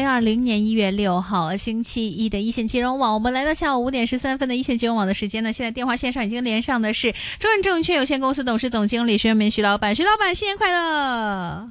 二零二零年一月六號星期一的一線金融網，我們來到下午五點十三分的一線金融網的時間呢？現在電話線上已經連上的是中信證券有限公司董事總經理徐潤民徐老闆，徐老闆新年快樂！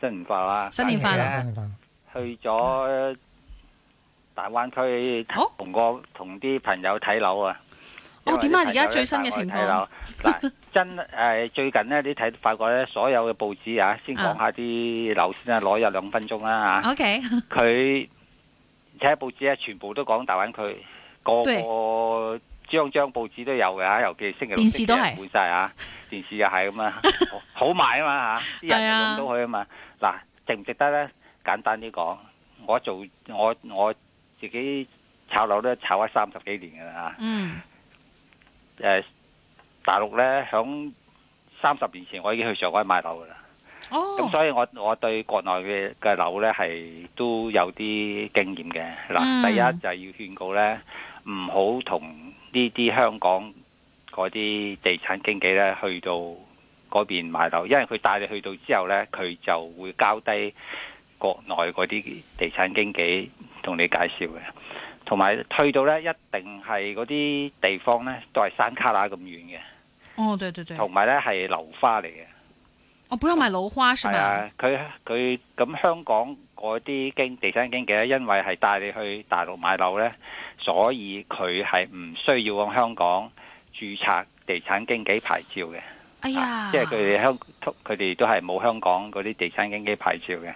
新年快樂，三點發啦，三點發去咗大灣區同個同啲朋友睇樓啊！哦，點啊？而家最新嘅情況？ 真誒，最近咧，你睇發覺咧，所有嘅報紙啊，先講下啲樓先啊，攞有兩分鐘啦嚇。O K。佢睇報紙咧，全部都講大灣區，個個張張報紙都有嘅嚇，尤其星期六、日啲人滿曬嚇，電視又係咁啊，好賣啊嘛嚇，啲人用到佢啊嘛。嗱，值唔值得咧？簡單啲講，我做我我自己炒樓都炒咗三十幾年嘅啦嚇。嗯。誒。大陸呢，響三十年前我已經去上海買樓噶啦，咁、oh. 所以我我對國內嘅嘅樓呢，係都有啲經驗嘅。嗱，mm. 第一就係要勸告呢，唔好同呢啲香港嗰啲地產經紀呢去到嗰邊買樓，因為佢帶你去到之後呢，佢就會交低國內嗰啲地產經紀同你介紹嘅。同埋退到咧，一定係嗰啲地方咧，都係山卡拉咁遠嘅。哦，對對對。同埋咧，係樓花嚟嘅。哦，本要買樓花，係咪？係佢佢咁香港嗰啲經地產經紀咧，因為係帶你去大陸買樓咧，所以佢係唔需要往香港註冊地產經紀牌照嘅。哎呀！啊、即係佢哋香，佢哋都係冇香港嗰啲地產經紀牌照嘅。嚇、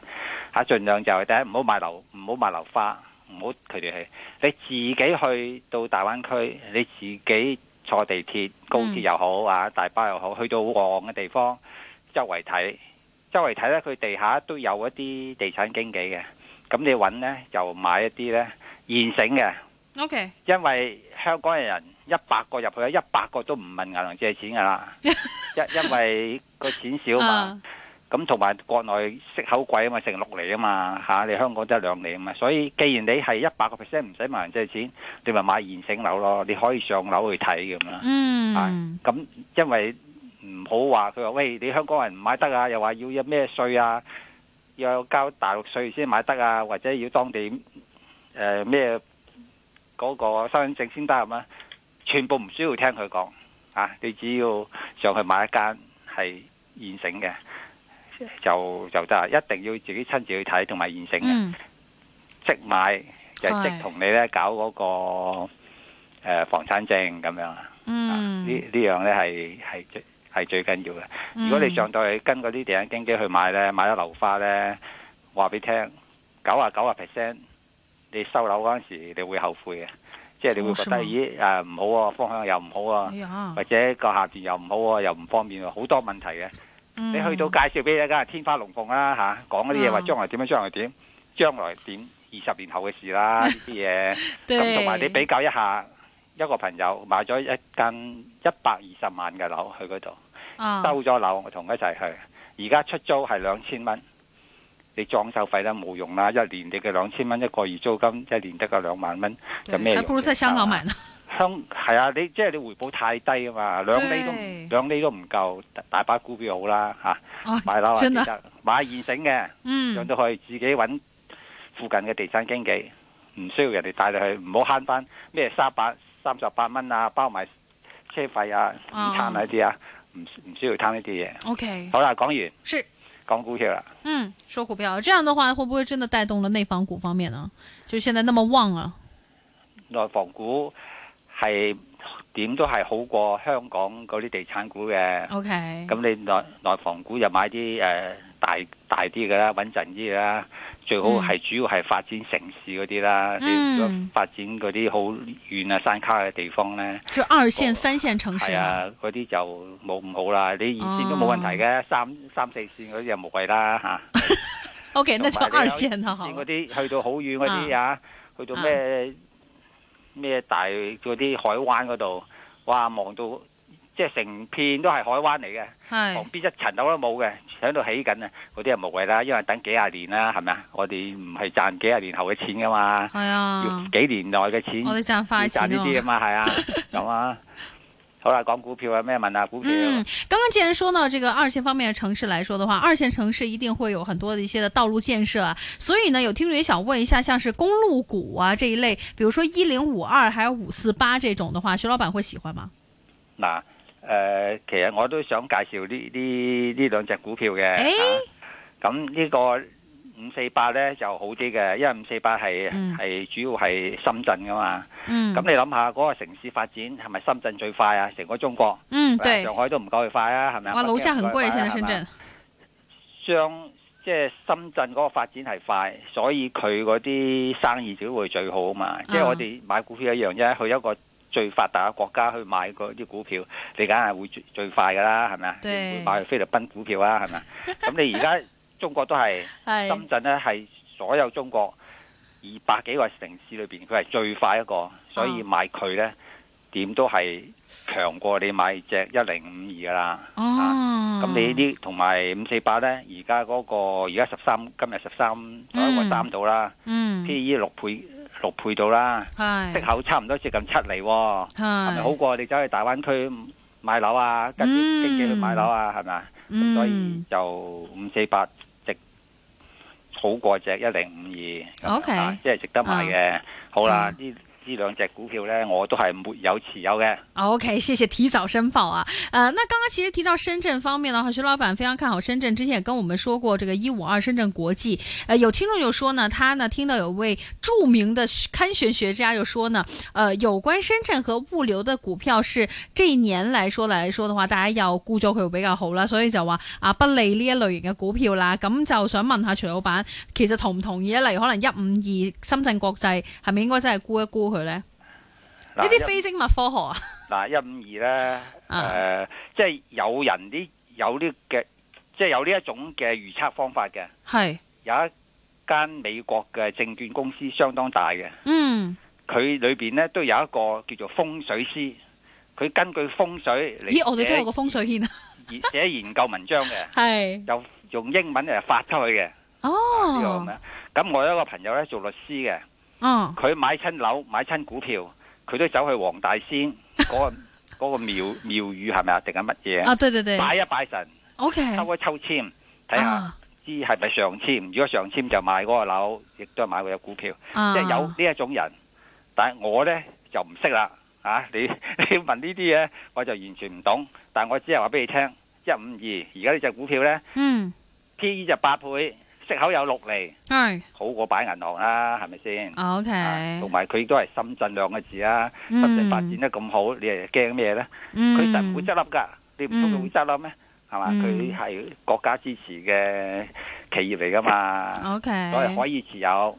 啊，儘量就係、第一唔好買樓，唔好買,買樓花。唔好佢哋去，你自己去到大灣區，你自己坐地鐵、高鐵又好啊，大巴又好，去到旺嘅地方，周圍睇，周圍睇咧，佢地下都有一啲地產經紀嘅，咁你揾咧就買一啲咧現成嘅。OK，因為香港人一百個入去，一百個都唔問銀行借錢噶啦，因因為個錢少嘛。咁同埋國內息口貴啊嘛，成六厘啊嘛，嚇、啊、你香港得兩厘啊嘛，所以既然你係一百個 percent 唔使買人借錢，你咪買現成樓咯。你可以上樓去睇咁樣。嗯，咁、啊、因為唔好話佢話喂，你香港人唔買得啊，又話要咩稅啊，要交大陸稅先買得啊，或者要當地誒咩嗰個身份證先得咁啊，全部唔需要聽佢講啊。你只要上去買一間係現成嘅。就就得，一定要自己親自去睇同埋現成，嘅、嗯，即買就即同你咧搞嗰、那個誒是、呃、房產證咁樣、嗯、啊。樣呢呢樣咧係係最係最緊要嘅。如果你上到去跟嗰啲地產經紀去買咧，買咗樓花咧，話俾聽九啊九啊 percent，你收樓嗰陣時你會後悔嘅，即係你會覺得想咦誒唔、啊、好啊，方向又唔好啊，哎、呀或者個下邊又唔好啊，又唔方便啊，好多問題嘅。嗯、你去到介紹俾你，梗係天花龍鳳啦嚇、啊，講嗰啲嘢話將來點，將來點，將來點二十年後嘅事啦呢啲嘢。同埋 對你比較一下，一個朋友買咗一間一百二十萬嘅樓去嗰度，啊、收咗樓，同佢一齊去，而家出租係兩千蚊，你裝修費都冇用啦，一年你嘅兩千蚊一個月租金，一年得個兩萬蚊，對有咩？不如在香港買啦。 香係啊，你即係你回報太低啊嘛，兩厘都對兩厘都唔夠大，大把股票好啦吓，買樓或買現成嘅，咁、嗯、都可以自己搵附近嘅地產經紀，唔需要人哋帶你去，唔好慳翻咩三百三十八蚊啊，包埋車費啊，唔貪啊，呢啲啊，唔唔、啊、需要貪呢啲嘢。O Okay . K，好啦，講完是講股票啦。嗯，說股票，這樣的話會不會真的帶動了內房股方面呢、啊？就現在那麼旺啊？內房股。係點都係好過香港嗰啲地產股嘅。O K，咁你內內房股又買啲誒、呃、大大啲嘅啦，穩陣啲啦。最好係主要係發展城市嗰啲啦、嗯，發展嗰啲好遠啊山卡嘅地方咧。就二線、嗯、三線城市係啊，嗰啲、啊、就冇咁好啦。你二線都冇問題嘅，哦、三三四線嗰啲又無謂啦吓。O K，咁就二線啦嗰啲去到好遠嗰啲啊，去到咩？啊啊啊啊咩大嗰啲海灣嗰度，哇！望到即係成片都係海灣嚟嘅，是旁邊一層樓都冇嘅，喺度起緊啊！嗰啲係無謂啦，因為等幾十年啦，係咪啊？我哋唔係賺幾十年後嘅錢噶嘛，係啊，幾年內嘅錢，我哋賺快錢咯，賺呢啲啊嘛，係 啊，咁啊。好啦，講股票啊，咩問下股票？啊、股票嗯，剛剛既然說到這個二線方面嘅城市來說的話，二線城市一定會有很多的一些的道路建設，所以呢，有聽眾想問一下，像是公路股啊這一類，比如說一零五二還有五四八這種的話，徐老闆會喜歡嗎？嗱、呃，誒、呃，其實我都想介紹呢呢呢兩隻股票嘅吓，咁呢、哎啊這個。五四八咧就好啲嘅，因為五四八係係、嗯、主要係深圳噶嘛。咁、嗯、你諗下嗰、那個城市發展係咪深圳最快啊？成個中國，上海都唔夠佢快啊？係咪啊？哇，樓價很貴，現在是是、就是、深圳。相即係深圳嗰個發展係快，所以佢嗰啲生意就會最好啊嘛。即係、嗯、我哋買股票一樣，啫，去一個最發達嘅國家去買嗰啲股票，你梗係會最快噶啦，係咪啊？對你唔會買菲律賓股票啊，係咪啊？咁你而家。中國都係，深圳呢係所有中國二百幾個城市裏邊，佢係最快一個，所以買佢呢點、哦、都係強過你買隻一零五二噶啦。咁、哦啊、你呢啲同埋五四八呢，而家嗰個而家十三，13，今日十三個三到啦。嗯，P/E 六倍六倍到啦，嗯、息口差唔多接近七釐、哦，係咪是 是 好過你走去大灣區？買樓啊，跟住經紀去買樓啊，係咪？咁所以就五四八值好過隻一零五二，O K，即係值得買嘅。嗯、好啦，呢、嗯。呢兩隻股票呢，我都係沒有持有嘅。OK，謝謝提早申報啊！誒、呃，那剛剛其實提到深圳方面嘅話，徐老闆非常看好深圳。之前也跟我們說過，這個一五二深圳國際。誒、呃，有聽眾就說呢，他呢聽到有位著名的看玄學家就說呢，誒、呃，有關深圳和物流嘅股票，是這一年來說來說嘅話，大家要估咗佢會比較好啦。所以就話啊，不理呢一類型嘅股票啦。咁就想問下徐老闆，其實同唔同意？例如可能一五二深圳國際，係咪應該真係估一估？佢咧呢啲非精密科學啊？嗱，一五二咧，誒，即係有人啲有呢嘅，即係有呢一種嘅預測方法嘅。係有一間美國嘅證券公司相當大嘅。嗯，佢裏邊咧都有一個叫做風水師，佢根據風水嚟，咦，我哋都有個風水軒啊，寫研究文章嘅。係又用英文嚟發出去嘅。哦。咁我有一個朋友咧做律師嘅。佢、啊、買親樓買親股票，佢都走去黃大仙嗰嗰、 嗰個廟廟宇係咪啊？定係乜嘢啊？對對對，拜一拜神，OK，抽一抽簽睇下、啊、知係咪上簽。如果上簽就買嗰個樓，亦都係買嗰隻股票。啊、即係有呢一種人，但係我呢，就唔識啦。啊，你你問呢啲嘢，我就完全唔懂。但係我只係話俾你聽，一五二，而家呢隻股票呢，嗯，PE 就八倍。息口有六厘，係是好過擺銀行啦，係咪先？OK，同埋佢都係深圳兩個字啊，嗯、深圳發展得咁好，你又驚咩咧？佢、嗯、就唔會執笠噶，嗯、你唔通佢會執笠咩？係嘛？佢係、嗯、國家支持嘅企業嚟噶嘛，okay, 所以可以持有。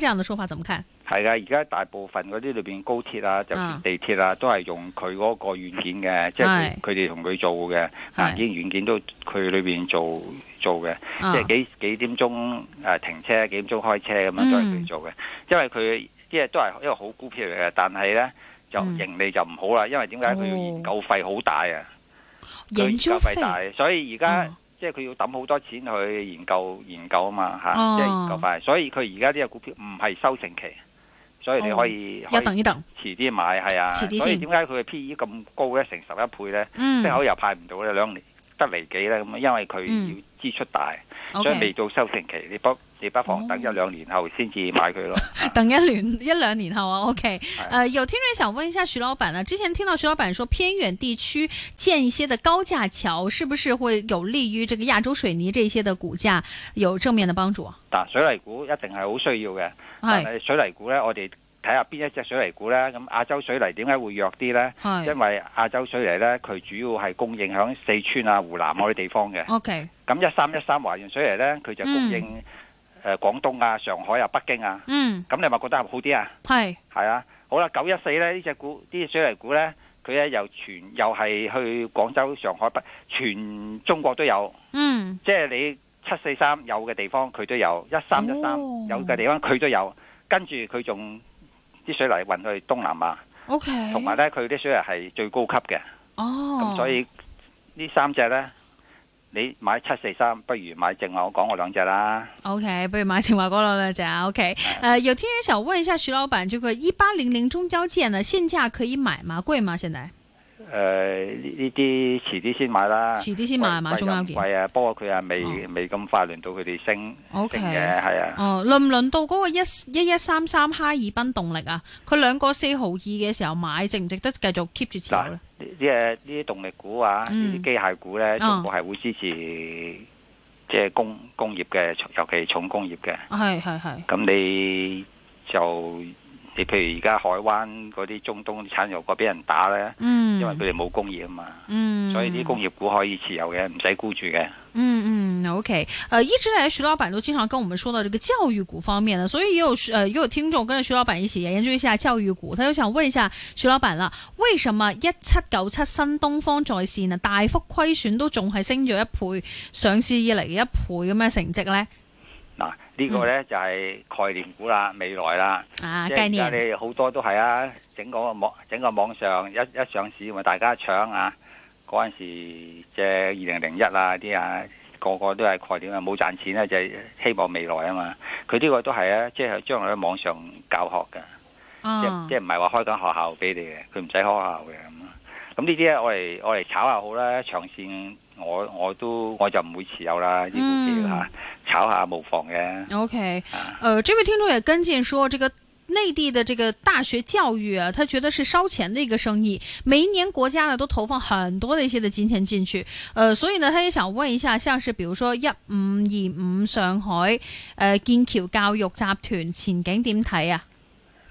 呢樣嘅說法怎麼看？係啊，而家大部分嗰啲裏邊高鐵啊，就地鐵啊，啊都係用佢嗰個軟件嘅，啊、即係佢哋同佢做嘅。嗱是，呢個軟件都佢裏邊做做嘅，啊、即係幾幾，幾點鐘誒停車，幾點鐘開車咁樣都係佢做嘅、嗯。因為佢啲嘢都係一個好股票嚟嘅，但係呢，就盈利就唔好啦。因為點解佢要研究費好大啊、哦？研究費大，所以而家。嗯即係佢要揼好多錢去研究研究啊嘛，嚇、哦，即係、就是、研究返，所以佢而家呢個股票唔係收成期，所以你可以有鄧於德，遲啲買係啊，遲些 所以點解佢嘅 P E 咁高咧？成十一倍咧，即係、嗯、口又派唔到咧，兩年得嚟幾咧，咁因為佢要支出大，嗯、所以未到收成期，你幫。你不妨等一兩年後先至買佢咯。 等一兩一兩年後啊，啊， 年後啊，OK。誒是、呃，有聽眾想問一下徐老闆啊，之前聽到徐老闆說，偏遠地區建一些的高架橋，是不是會有利於這個亞洲水泥這些的股價有正面的幫助、啊？嗱、啊，水泥股一定係好需要嘅。是但係，水泥股咧，我哋睇下邊一隻水泥股咧。咁亞洲水泥點解會弱啲咧？是因為亞洲水泥咧，佢主要係供應響四川啊、湖南嗰、啊、啲地方嘅。是 OK、嗯。咁一三一三華潤水泥咧，佢就供應、嗯。誒、呃、廣東啊、上海啊、北京啊，咁、嗯、你咪覺得好啲啊？係係是啊，好啦，九一四咧，呢隻股啲水泥股咧，佢咧又全又係去廣州、上海、北全中國都有，嗯，即係你七四三有嘅地方佢都有，一三一三有嘅地方佢都有，跟住佢仲啲水泥運去東南亞，O K，同埋咧佢啲水泥係最高級嘅，哦、oh. 嗯，咁所以三隻呢三隻咧。你買七四三，不如買正話我講我兩隻啦。OK，不如買正話講我兩隻。OK，誒，Yeah. uh, 有聽人想問一下徐老闆，這個一八零零中交建呢，現價可以買嗎？貴嗎？現在？誒呢啲遲啲先買啦，遲啲先買買仲夠貴啊！不過佢啊未未咁快輪到佢哋升，O K，係啊。哦，輪唔輪到嗰個一一一三三哈爾濱動力啊？佢兩個四毫二嘅時候買，值唔值得繼續 keep 住持有咧？即係呢啲動力股啊，呢啲機械股咧，全部係會支持即係工工業嘅，尤其重工業嘅。係係係。咁你就～譬如而家海灣嗰啲中東產油國俾人打咧，嗯、因為佢哋冇工業啊嘛，嗯、所以啲工業股可以持有嘅，唔使沽住嘅。嗯嗯，OK，誒、呃，一直以來徐老闆都經常跟我們說到這個教育股方面嘅，所以也有誒，也有聽眾跟着徐老闆一起研究一下教育股。睇到想候問一下徐老闆啦，為什麼一七九七新東方在線啊大幅虧損都仲係升咗一倍，上市以嚟嘅，一倍咁樣成績咧？呢個咧就係概念股啦，未來啦，即係你好多都係啊，整個網整個網上一一上市，咪大家搶啊！嗰陣時即係二零零一啊啲啊，個個都係概念啊，冇賺錢啊，就係希望未來啊嘛。佢呢個都係啊，即係將來喺網上教學嘅，哦，即即唔係話開間學校俾你嘅，佢唔使開學校嘅咁。咁呢啲咧，我嚟我嚟炒下好啦，長線。我我都我就唔會持有啦，呢股票吓、啊嗯、炒下無妨嘅。OK，誒、啊呃，這位聽眾也跟進說，這個內地的這個大學教育啊，他覺得是燒錢的一個生意，每一年國家呢都投放很多的一些的金錢進去，誒、呃，所以呢，他也想問一下像是比如說一五二五上海誒建橋教育集團前景點睇啊？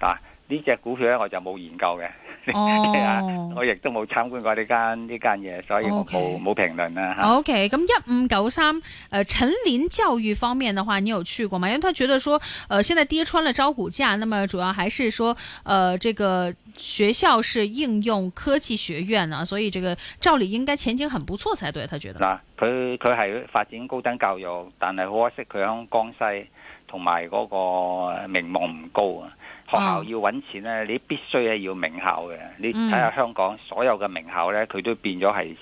嗱、啊，呢隻股票咧、啊，我就冇研究嘅。哦， 我亦都冇參觀過呢間呢間嘢，oh. 所以我冇冇評論啦 O K，咁，一五九三誒，陳林 Okay.、okay. 呃、教育方面嘅話，你有去過嗎？因為他覺得說，誒、呃，現在跌穿了招股價，那麼主要還是說，誒、呃，這個學校是應用科技學院啊，所以這個照理應該前景很不錯才對。他覺得嗱，佢佢係發展高等教育，但係好可惜佢響江西，同埋嗰個名望唔高啊。學校要搵錢咧，你必須係要名校嘅。你睇下香港所有嘅名校咧，佢都變咗係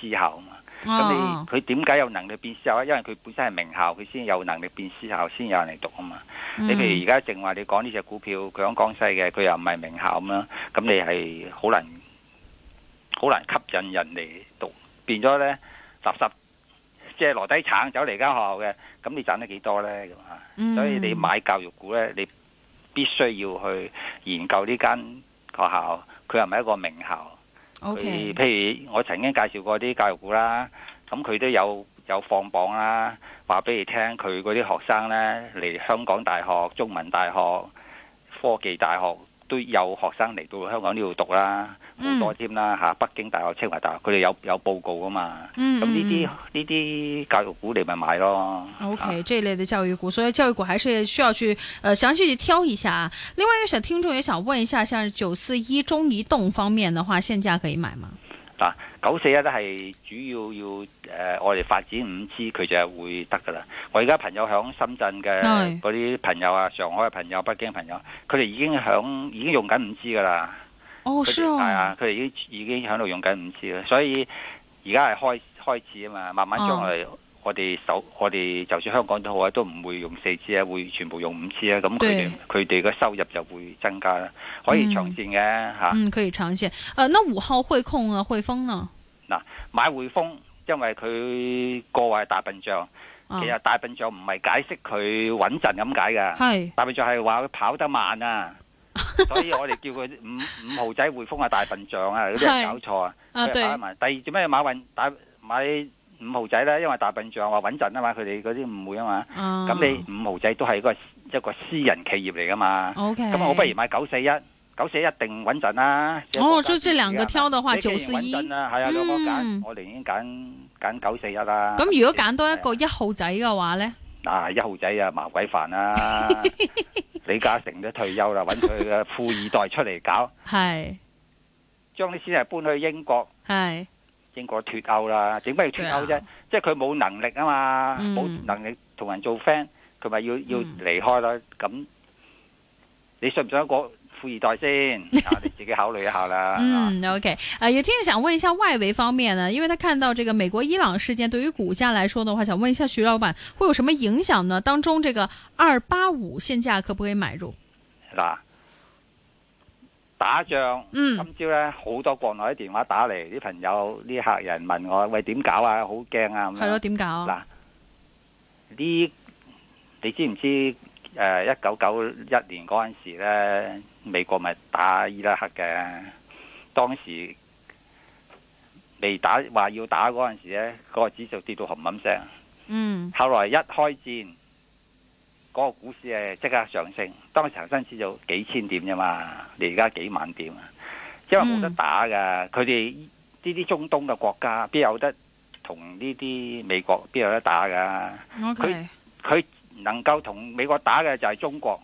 私校啊嘛。咁你佢點解有能力變私校？因為佢本身係名校，佢先有能力變私校，先有人嚟讀啊嘛。你譬如而家正話你講呢隻股票，佢講江西嘅，佢又唔係名校咁啦，咁你係好難，好難吸引人嚟讀，變咗咧垃圾，即係攞低橙走嚟間學校嘅，咁你賺得幾多咧咁啊？所以你買教育股咧，你。必須要去研究呢間學校，佢又唔係一個名校 Okay.。譬如我曾經介紹過啲教育股啦，咁佢都有有放榜啦，話俾你聽佢嗰啲學生呢，嚟香港大學、中文大學、科技大學。都有學生嚟到香港呢度讀啦，好多添啦嚇，嗯啊。北京大學、清華大學，佢哋有有報告噶嘛。咁呢啲呢啲教育股你咪買咯。OK，啊，這類的教育股，所以教育股還是需要去，呃，詳細去挑一下啊。另外一個小聽眾也想問一下，像九四一中移動方面的話，現價可以買嗎？嗱，九四一都係主要要，誒、呃，我哋發展五 G，佢就係會得噶啦。我而家朋友響深圳嘅嗰啲朋友啊，是上海嘅朋友、北京嘅朋友，佢哋已經響，已經用緊五 G 噶啦。哦、oh, 們，係啊，佢哋、啊、已經已經響度用緊五 G 啦。所以而家係開開始啊嘛，慢慢將我哋、啊。我哋手，我哋就算香港都好啊，都唔會用四 G 啊，會全部用五 G 啊，咁佢哋佢哋嘅收入就會增加啦，可以長線嘅吓。嗯，啊、嗯，可以長線。誒、啊，那五號匯控啊，匯豐呢？嗱、啊，買匯豐，因為佢個位大笨象，其實大笨象唔係解釋佢穩陣咁解噶，係、啊、大笨象係話佢跑得慢啊， 所以我哋叫佢五五號仔匯豐啊，大笨象啊，嗰啲人搞錯啊。啊，對、啊。第二做咩馬雲打買？買買買五號仔咧，因為大笨象話穩陣啊嘛，佢哋嗰啲唔會啊嘛。咁你五號仔都係一個一個私人企業嚟噶嘛。咁我不如買九四一，九四一一定穩陣啦。哦，就即係兩個挑的話，九四一。一定穩陣啦，係啊，兩個揀我寧願揀揀九四一啊。咁如果揀多一個一號仔嘅話咧？嗱，一號仔啊，麻鬼煩啦！李嘉誠都退休啦，揾佢嘅富二代出嚟搞，將啲錢係搬去英國。係。英國脫歐啦，整乜要脫歐啫？啊、即係佢冇能力啊嘛，冇、嗯、能力同人做 friend，佢咪要要離開啦。咁、嗯、你信唔信一個富二代先？ 啊、你自己考慮一下啦。 嗯，OK，啊，有天想問一下外圍方面呢，因為他看到這個美國伊朗事件，對於股價來說的話，想問一下徐老闆會有什麼影響呢？當中這個二八五現價可不可以買入？嗱、 嗯。打仗，嗯、今朝呢，好多國內啲電話打嚟，啲朋友、啲客人問我：喂，點搞啊？好驚啊！咁樣。係咯、啊，點搞？嗱，呢，你知唔知？誒、呃，一九九一年嗰陣時呢，美國咪打伊拉克嘅，當時未打，話要打嗰陣時咧，嗰個指數跌到冚冚聲。嗯。後來一開戰。嗰個股市誒即刻上升，當時候新市就幾千點啫嘛，你而家幾萬點啊？因為冇得打噶，佢哋呢啲中東嘅國家邊有得同呢啲美國邊有得打噶？佢佢 Okay. 能夠同美國打嘅就係中國，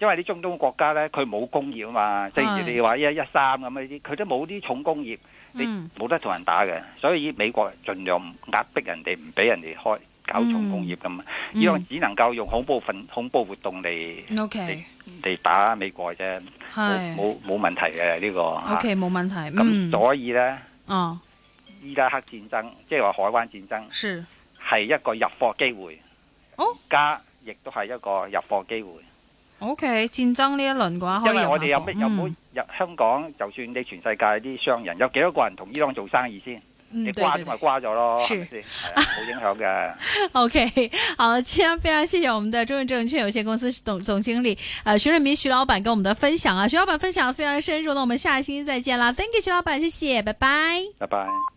因為啲中東國家咧佢冇工業啊嘛，正如你話一一三咁啊呢啲，佢都冇啲重工業，mm. 你冇得同人打嘅，所以美國儘量壓迫人哋，唔俾人哋開。搞重工業咁，嗯、伊朗只能夠用恐怖份恐怖活動嚟嚟嚟打美國啫，冇冇冇問題嘅呢、呢個。O K. 冇問題。咁所以咧，嗯、伊拉克戰爭，即係話海灣戰爭，係是一個入貨機會，oh? 加亦都係一個入貨機會。O、okay, K. 戰爭呢一輪嘅話，可可因為我哋有咩有冇？入嗯、香港就算你全世界啲商人，有幾多個人同伊朗做生意先？你、嗯、掛咗咪掛咗咯，係咪先？冇影響嘅。 o、okay, K，好了，今日非常謝謝我們的中信證券有限公司總總經理，誒、呃，徐潤民徐老闆跟我們的分享啊，徐老板分享非常深入，那我們下星期再見啦，thank you 徐老闆，謝謝，拜拜，拜拜。